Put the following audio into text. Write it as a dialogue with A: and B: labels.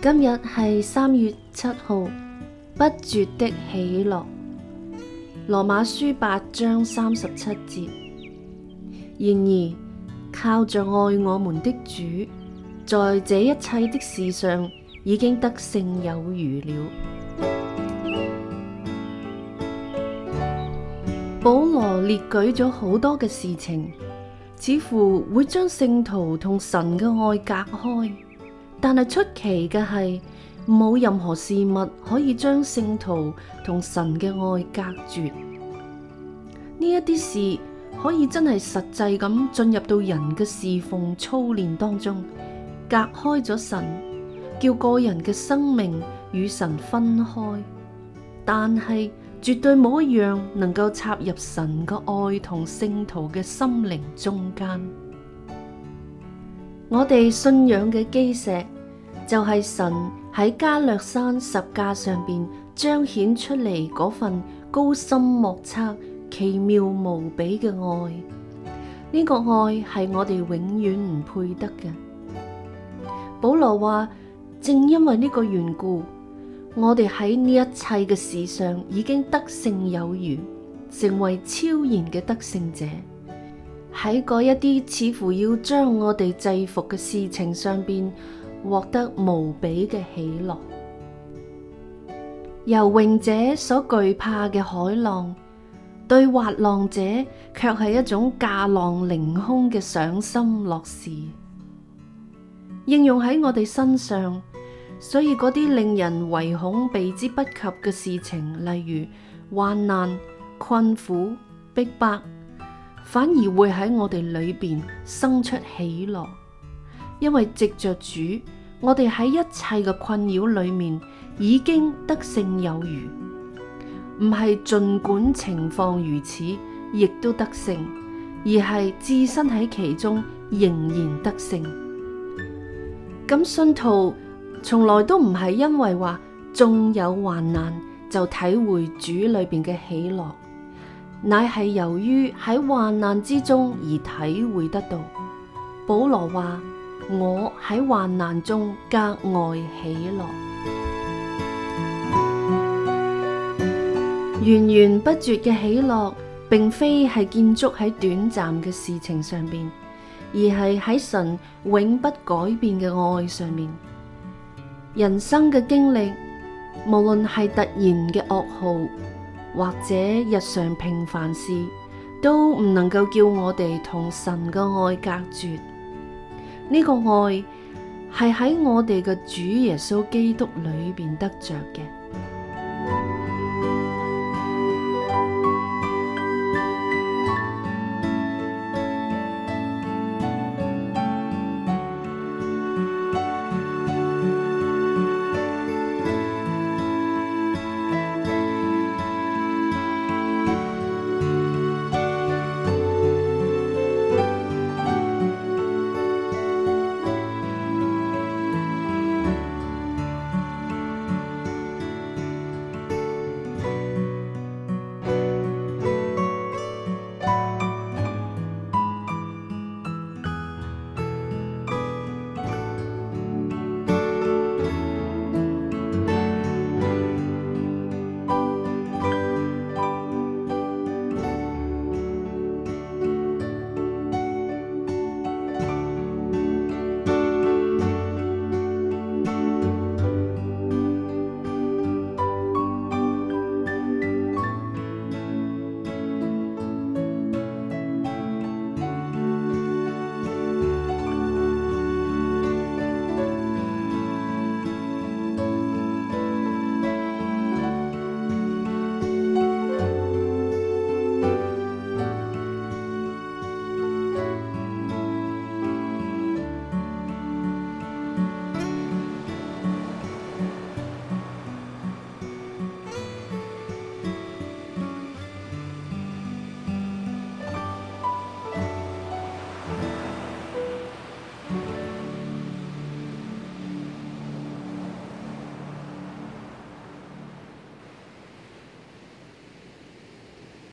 A: 今日係三月七號，不絕的喜樂。羅馬書八章三十七節。然而，靠着愛我們的主，在這一切的事上，已經得勝有餘了。保羅列舉咗好多嘅事情，似乎會將聖徒同神嘅愛隔開。但係出奇嘅係，冇任何事物可以將聖徒同神嘅愛隔絕。呢一啲事可以真係實際咁進入到人嘅侍奉操練當中，隔開咗神，叫個人嘅生命與神分開，但係絕對冇一樣能夠插入神嘅愛同聖徒嘅心靈中間。我哋信仰嘅基石就係神喺加略山十架上邊彰顯出嚟嗰份高深莫測、奇妙無比嘅愛。呢個愛係我哋永遠唔配得嘅。保羅話：正因為呢個緣故，我哋喺呢一切嘅事上已經得勝有餘，成為超然嘅得勝者。喺嗰一啲似乎要將我哋制服嘅事情上邊，獲得無比嘅喜樂。游泳者所懼怕嘅海浪，對滑浪者卻係一種駕浪凌空嘅賞心樂事。應用喺我哋身上，所以嗰啲令人唯恐避之不及嘅事情，例如患難、困苦、逼迫。反而會喺我哋裏邊生出喜樂，因為藉着主，我哋喺一切嘅困擾裏面已經得勝有餘，唔係盡管情況如此，亦都得勝，而係置身喺其中仍然得勝。咁信徒從來都唔係因為話仲有患難就體會主裏邊嘅喜樂。乃係由於喺患難之中而體會得到。保羅話：我喺患難中格外喜樂。嗯、源源不絕嘅喜樂，並非係建築喺短暫嘅事情上面，而係喺神永不改變嘅愛上面。人生嘅經歷，無論係突然嘅噩耗。或者日常平凡事都唔能夠叫我哋同神嘅愛隔絕，呢、這個愛係喺我哋嘅主耶穌基督裏邊得着嘅。